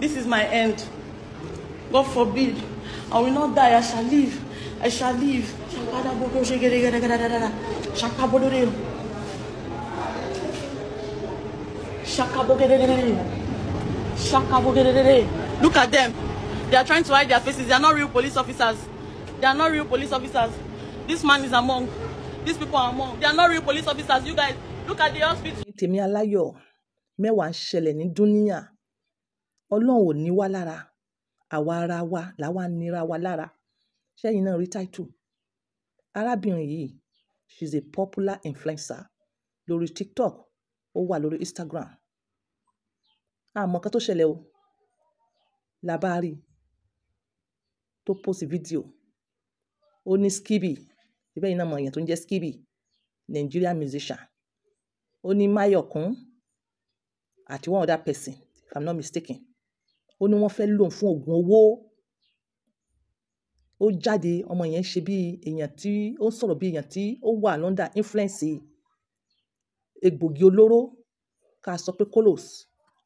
This is my end. God forbid. I will not die. I shall live. I shall live. Shaka Shaka Shaka gada Look at them. They are trying to hide their faces. They are not real police officers. They are not real police officers. This man is among. These people are among. They are not real police officers. You guys, look at the hospital. Tèmi Aláyọ̀, mẹ́wàá ń ṣẹlẹ̀ ní Dúníyà. Ọlọ́run ò ní wá lára. Àwa ara wa là wá ní ra wa lára. Ṣẹ́yìn náà rí title? Arábìnrin yìí, she's a popular influencer lórí TikTok, ó wà lórí Instagram. A mọ̀ nǹkan tó ṣẹlẹ̀ o. La tó post video. Ó ní Skibby, ṣe bẹ́ẹ̀ yín náà mọ èèyàn tó ń jẹ́ Skibby, Nigerian musician. Ó ní Mayọ̀kún àti one other person if I'm not mistaken ó ní wọ́n fẹ́ lò ó fún òògùn owó. Ó jáde, ọmọ yẹn ṣe bí èèyàn tí ó ń sọ̀rọ̀ bí èèyàn tí ó wà under influence egbògi olóró ká sọ pé kolos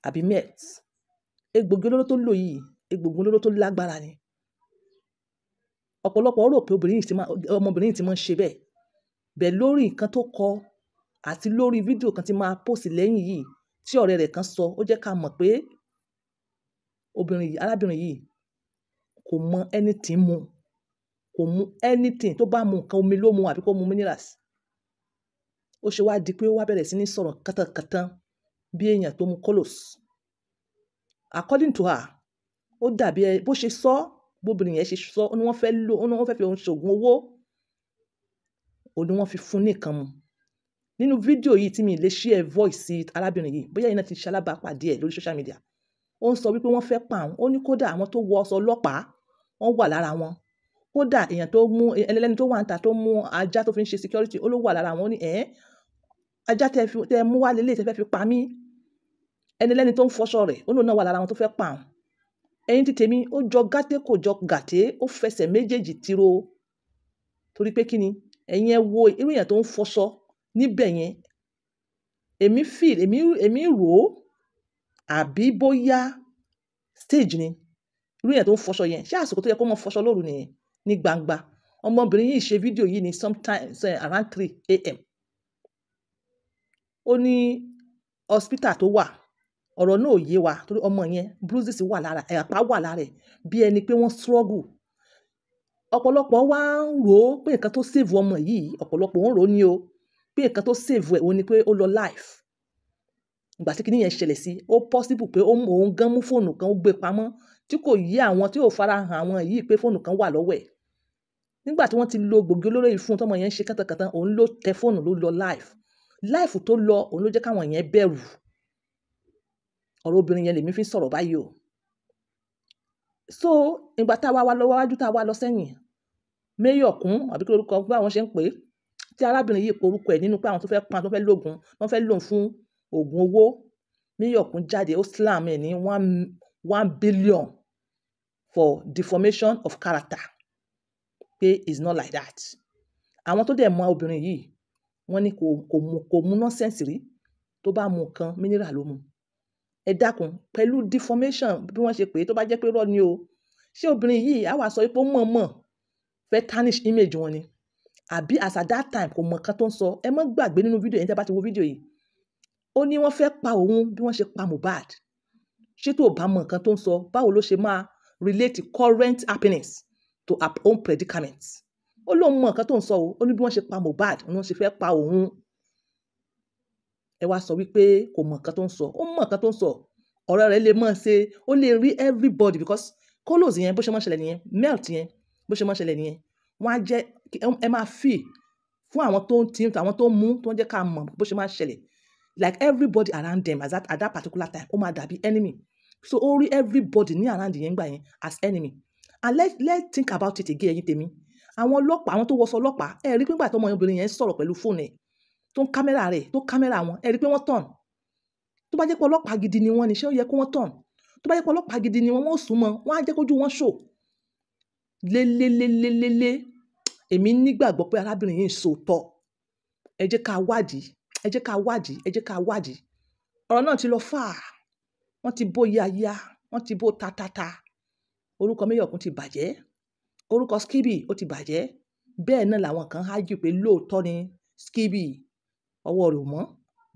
àbí meth. Egbògi olóró tó lò yìí, egbògi olóró tó lágbára ni. Ọ̀pọ̀lọpọ̀ rò pé obìnrin yìí ti máa, ọmọbìnrin yìí ti máa ń ṣe bẹ́ẹ̀. Bẹ̀ lórí nǹkan tó kọ àti lórí fídíò kan tí máa pósìtì lẹ́yìn yìí tí ọ̀rẹ́ rẹ̀ kan sọ, ó jẹ́ ká mọ̀ pé obìnrin yìí, arábìnrin yìí kò mọ anything mu. Kò mú anything. Tó bá mu nǹkan omi ló mu àbí kó mu minerals. Ó ṣe wá di pé ó wá bẹ̀rẹ̀ sí ní sọ̀rọ̀ kàtàkàtàn bí èèyàn tó mu colos. According to her, ó dàbí ẹ, bó ṣe sọ, bí obìnrin yẹn ṣe sọ, ó ní wọ́n fẹ́ lò, ó ní wọ́n fẹ́ fi òun ṣe òògùn owó. Ó ní wọ́n fi fún un ní nǹkan mu. Nínú fídíò yìí tí mi lè share voice arábìnrin yìí, bóyá ẹ̀yin náà ti ṣalábàápàdé ẹ̀ lórí social media ó ń sọ wípé wọ́n fẹ́ pa òun ó ní kódà àwọn tó wọ ọsọ ọlọ́pàá wọ́n wà lára wọn kódà èèyàn tó mú ẹlẹ́ni tó wà ń ta tó mú ajá tó fi ń ṣe security ó ló wà lára wọn ó ní ẹ̀ ajá tẹ mú wá lélẹ̀ tẹ fẹ́ fi pa mí ẹnilẹ́ni tó ń fọṣọ rẹ̀ ó lóun náà wà lára wọn tó fẹ́ pa òun ẹyin ti tèmi ó jọ gàté kò jọ gàté ó fẹsẹ̀ méjèèjì tiro torí pé kí ni ẹ̀yin ẹ wo irú èèyàn tó ń fọṣọ níbẹ̀ yẹn èmi feel èmi èmi rò ó àbí bóyá stage ni irú yẹn tó ń fọṣọ yẹn ṣé àsìkò tó yẹ kó mọ fọṣọ lóru nìyẹn ní gbangba ọmọbìnrin yìí ṣe fídíò yìí ní sometimes eh, around three a.m. ó ní hospital tó wà ọ̀rọ̀ náà ò yé wa torí ọmọ yẹn bruises wà lára ẹ̀yàpá wà lára ẹ̀ bí ẹni pé wọ́n struggle ọ̀pọ̀lọpọ̀ wá ń rò ó pé nǹkan tó save ọmọ yìí ọ̀pọ̀lọpọ̀ ń rò ó ní o pé nǹkan tó save ẹ̀ òun ni pé ó lọ life ìgbà tí kinní yẹn ṣẹlẹ̀ sí ó possible pé òun gan mú fóònù kan ó gbé e pamọ́ tí kò yí àwọn tí ò fara hàn àwọn yìí pé fóònù kan wà lọ́wọ́ ẹ̀ nígbà tí wọ́n ti lo gbòógì olóró yìí fún tọmọ yẹn ń ṣe kàtàkàtà òun ló tẹ fóònù ló lọ live live tó lọ òun ló jẹ́ káwọn yẹn bẹ̀rù ọ̀rọ̀ obìnrin yẹn lèmi fi sọ̀rọ̀ báyìí o so ìgbà tá a wá wá lọ wájú tá a wá lọ sẹ́yìn mayor kún àbí kí lorúkọ báwọn ṣe ń pè é tí arábìnrin yìí porúkọ ẹ̀ nínú pé àwọn tó fẹ́ pa tó fẹ́ lògùn wọ́n fẹ́ lòun fún òògùn owó New York ń jáde ó slam ẹ̀ ní one, one billion for deformation of character pé is not like that. Àwọn tó dẹ̀ mọ obìnrin yìí wọ́n ní kò, kò mú, kò mú nonsense rí tó bá mu nǹkan mineral ló mu. Ẹ dákun pẹ̀lú deformation bí wọ́n ṣe pè é tó bá jẹ́ pé irọ́ ni o. Ṣé obìnrin yìí á wà sọ pé ó mọ̀ọ́mọ̀ fẹ́ tarnish image wọn ni? Àbí as at that time kò mọ nǹkan tó ń sọ? Ẹ má gbàgbé nínú fídíò yẹn tí ẹ bá ti wo fídíò yìí ó ní wọ́n fẹ́ pa òun bí wọ́n ṣe pa Mohbad ṣé tó bá mọ nǹkan tó ń sọ báwo ló ṣe máa relate current happiness to her own predicament ó lóun mọ nǹkan tó ń sọ o ó ní bí wọ́n ṣe pa Mohbad ni wọ́n ṣe fẹ́ pa òun ẹ wá sọ wípé kò mọ nǹkan tó ń sọ ó mọ nǹkan tó ń sọ ọ̀rọ̀ rẹ̀ lè mọ̀ ṣe ó lè rí everybody because kólòsì yẹn bó ṣe máa ṣẹlẹ̀ nìyẹn melt yẹn bó ṣe máa ṣẹlẹ̀ nìyẹn wọ́n á jẹ́ ẹ máa fì fún àwọn tó ń tí àwọn tó ń mú tó ń jẹ́ ká mọ̀ bó ṣe máa ṣẹlẹ̀ like everybody around them as at, at that particular time Oma máa dàbí enemy so ó everybody ní around the gbà yẹn as enemy and let let think about it again ẹ̀yin tèmi àwọn ọlọ́pàá àwọn tó wọṣọ ọlọ́pàá ẹ rí pé nígbà tó ọmọ yẹn obìnrin yẹn sọ̀rọ̀ pẹ̀lú fóònù ẹ̀ tó ń kámẹ́rà rẹ̀ tó kámẹ́rà wọn ẹ rí pé wọ́n tàn tó bá jẹ́ pé ọlọ́pàá gidi ni wọ́n ni ṣé ó yẹ kó wọ́n tàn tó bá jẹ́ pé ọlọ́pàá gidi ni wọ́n wọ́n sùn mọ́ wọ́n á jẹ́ kójú wọn ṣò lélélélélélé èmi nígbàgbọ́ pé arábìnrin yìí ń sòótọ́ ẹ jẹ́ ká wádìí ẹ jẹ́ ká wádìí ẹ jẹ́ ká wádìí ọ̀rọ̀ náà ti lọ fà wọ́n ti bó yáyá wọ́n ti bó tatata orúkọ Mayorkun ti bàjẹ́ orúkọ Skibi ó ti bàjẹ́ bẹ́ẹ̀ náà làwọn kan hájú pé lóòótọ́ ni Skibi ọwọ́ rẹ̀ mọ́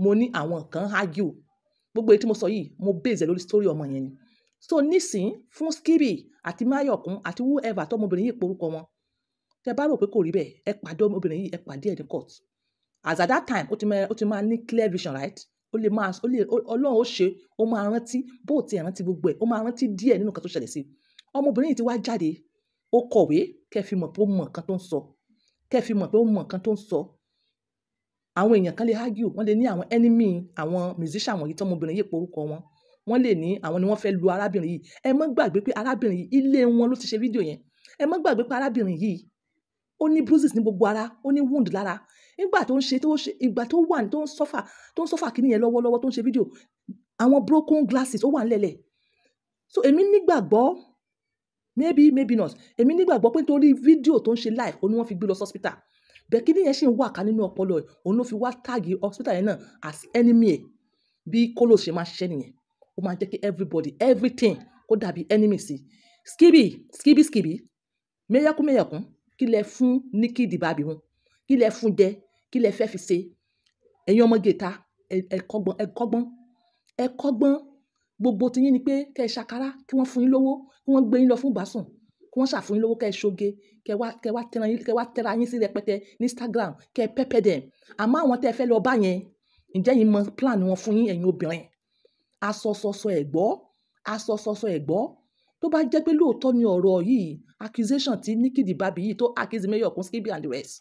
mo ní àwọn kan hájú gbogbo èyí tí mo sọ yìí mo bèèzẹ lórí sítórí ọmọ yẹn ni so nísìn fún Skibi àti Mayorkun àti whoever tọmọbìnrin yìí porúkọ wọn tẹ bá rò pé kò rí bẹ́ẹ̀ ẹ pàdé ọmọbìnrin yìí ẹ pàdé ẹ ní court as at that time ó ti máa ó ti máa ní clear vision right ó lè máa ó lè ọlọ́run ó ṣe ó máa rántí bó o ti rántí gbogbo ẹ̀ ó máa rántí díẹ̀ nínú nǹkan tó ṣẹlẹ̀ sí ọmọbìnrin yìí ti wá jáde ó kọ̀wé kẹ́ fi mọ̀ pé ó mọ̀ nǹkan tó ń sọ kẹ́ fi mọ̀ pé ó mọ̀ nǹkan tó ń sọ àwọn èèyàn kan lè argue wọ́n lè ní àwọn enemy àwọn musician wọ̀nyí tọ́mọbìnrin yìí porúkọ wọn wọ́n lè ní àwọn ni wọ́n fẹ́ lu arábìnrin yìí ẹ má gbàgbé pé arábìnrin yìí ilé wọn ló ti ṣe fídíò yẹn ẹ má gbàgbé pé arábìnrin yìí ó ní bruises ní gbogbo ara ó ní wound lára nígbà tó ń ṣe tó ṣe ìgbà tó wà tó ń sọ́fà tó ń sọ́fà kìnìyẹn lọ́wọ́lọ́wọ́ tó ń ṣe fídíò àwọn broken glasses ó wà nílẹ̀ so èmi nígbàgbọ́ maybe maybe not èmi nígbàgbọ́ pé nítorí fídíò tó ń ṣe live òun ni wọ́n fi gbé lọ sọ́spítà bẹ́ẹ̀ kìnìyẹn ṣì ń wà ká nínú ọpọlọ ẹ̀ òun ló fi wá táàgì hospital yẹn náà as enemy ẹ̀ bí kóló ṣe máa ṣiṣẹ́ nìyẹn ó máa jẹ́ kí everybody everything kó dàbí enemy sí skibi skibi skibi mẹ́yàkú mẹ́yàkú kí lẹ fún Nikki DiBaby wọn kí lẹ fún jẹ Kí lẹ fẹ́ fi ṣe? Ẹ̀yin ọmọge ìta, ẹ kọ́gbọ́n, ẹ kọ́gbọ́n, ẹ kọ́gbọ́n. Gbogbo ti yín ni pé kí ẹ ṣàkárá, kí wọ́n fún yín lówó, kí wọ́n gbé yín lọ fún ìbásùn, kí wọ́n ṣàfún yín lówó kí ẹ ṣoge, kí ẹ wá, kí ẹ wá tẹ́ra yín, kí ẹ wá tẹ́ra yín sí rẹpẹtẹ ní Instagram, kí ẹ pepper them. Àmọ́ àwọn tí ẹ fẹ́ lọ bá yẹn, ǹjẹ́ ẹ̀yin mọ plan wọn fún yín, ẹ̀yin obìnrin? Aṣọ ṣọṣọ ẹ̀ gbọ́, aṣọ ṣọṣọ ẹ̀ gbọ́. Tó bá jẹ́ pé lóòótọ́ ni ọ̀rọ̀ yìí, accusation tí Nikki the Barbie yìí tó accuse Mayor Okunskibi and the rest.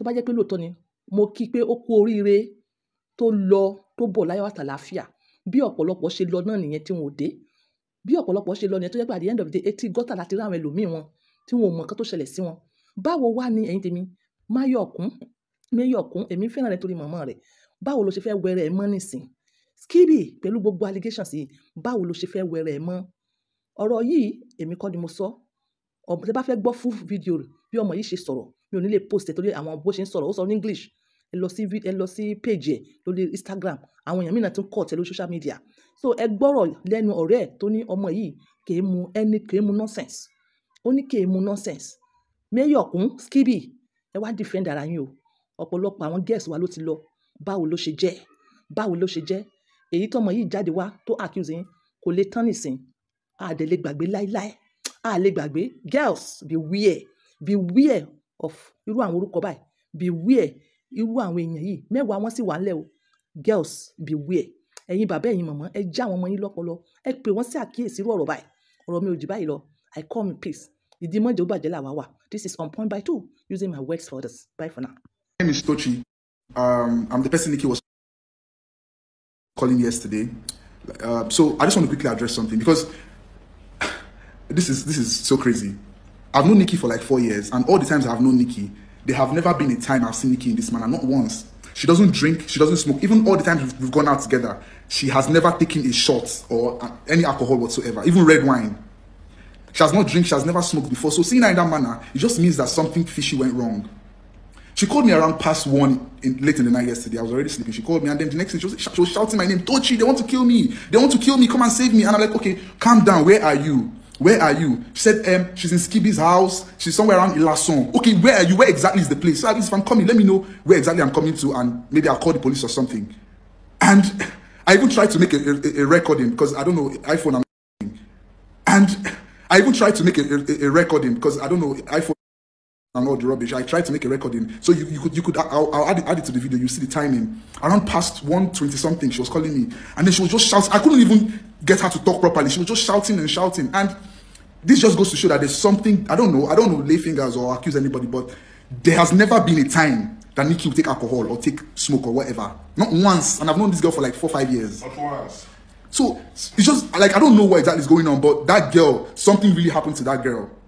Tó bá jẹ́ pé lóòótọ́ ni, mo kí pé ó kú oríire tó lọ tó bọ̀ láyọ̀ àtàlàáfíà. Bí ọ̀pọ̀lọpọ̀ ṣe lọ náà nìyẹn tí wọn ò dé. Bí ọ̀pọ̀lọpọ̀ ṣe lọ nìyẹn tó jẹ́ pé at the end of the day, etí gọ́tà láti rí àwọn ẹlòmíì wọn tí wọn ò mọ nǹkan tó ṣẹlẹ̀ sí wọn. Báwo wà ní ẹ̀yin tèmi? Máyọ̀kún, Máyọ̀kún, èmi fẹ́ràn rẹ torí mọ̀mọ́ rẹ. Báwo lo ṣe fẹ́ wẹrẹ ẹ mọ́ níìsín? Skibby pẹ̀lú gbogbo allegations yìí, báwo lo ṣe fẹ́ wẹrẹ ẹ mọ́? Ọ̀rọ̀ yìí èmi kọ́ ni mo sọ. Tí ẹ bá fẹ́ gbọ́ full video bí ọmọ mi ò ní lè post ẹ̀ torí àwọn bó ṣe ń sọ̀rọ̀ ó sọ ní English ẹ lọ sí ẹ lọ sí page ẹ lórí Instagram àwọn èèyàn mìíràn tún kọ̀ tẹ́ lórí social media so ẹ gbọ́rọ̀ lẹ́nu ọ̀rẹ́ ẹ̀ tó ní ọmọ yìí kèé mu ẹni kèé mu nonsense ó ní kèé mu nonsense mayor kún skibi ẹ wá defend ara yín o ọ̀pọ̀lọpọ̀ àwọn guest wa ló ti lọ báwo ló ṣe jẹ́ báwo ló ṣe jẹ́ èyí tọmọ yìí jáde wá tó accuse yín kò lè tán nìsín a dẹ̀ lè gbàgbé láíláí a gbàgbé girls be wear be wear of irú àwọn orúkọ báyìí. Beware irú àwọn èèyàn yìí. Mẹ́wàá wọn sì wà nílẹ̀ o. Girls beware. Ẹ̀yin bàbá, ẹ̀yin màmá, ẹ já àwọn ọmọ yín lọ́pọ̀lọpọ̀. Ẹ pè wọ́n sí àkíyèsí irú ọ̀rọ̀ báyìí. Ọ̀rọ̀ mi ò jù báyìí lọ. I come in peace. Ìdí mọ́jẹ́ ó bàjẹ́ làwa wà. This is on point by two using my words for this. Bye for now. My name is Tochi. Um, I'm the person Nikki was calling yesterday. Uh, so I just want to quickly address something because this is this is so crazy. I've known Nikki for like four years, and all the times I've known Nikki, there have never been a time I've seen Nikki in this manner, not once. She doesn't drink, she doesn't smoke. Even all the times we've, we've gone out together, she has never taken a shot or any alcohol whatsoever, even red wine. She has not drink, she has never smoked before. So seeing her in that manner, it just means that something fishy went wrong. She called me around past one in, late in the night yesterday. I was already sleeping. She called me, and then the next thing she was, she was shouting my name, Tochi, they want to kill me. They want to kill me. Come and save me. And I'm like, okay, calm down. Where are you? Where are you? She said, um, she's in Skibby's house. She's somewhere around Ilason. Okay, where are you? Where exactly is the place? So at least if I'm coming, let me know where exactly I'm coming to and maybe I'll call the police or something. And I even tried to make a, a, a recording because I don't know, iPhone I'm And I even tried to make a, a recording because I don't know, iPhone and all the rubbish. I tried to make a recording. So you, you could, you could I'll, I'll add, it, add, it, to the video. You see the timing. Around past 120 something, she was calling me. And then she was just shouting. I couldn't even get her to talk properly. She was just shouting and shouting. And this just goes to show that there's something I don't know. I don't know lay fingers or accuse anybody, but there has never been a time that Nikki will take alcohol or take smoke or whatever. Not once. And I've known this girl for like four five years. Not once. So it's just like I don't know what exactly is going on, but that girl, something really happened to that girl.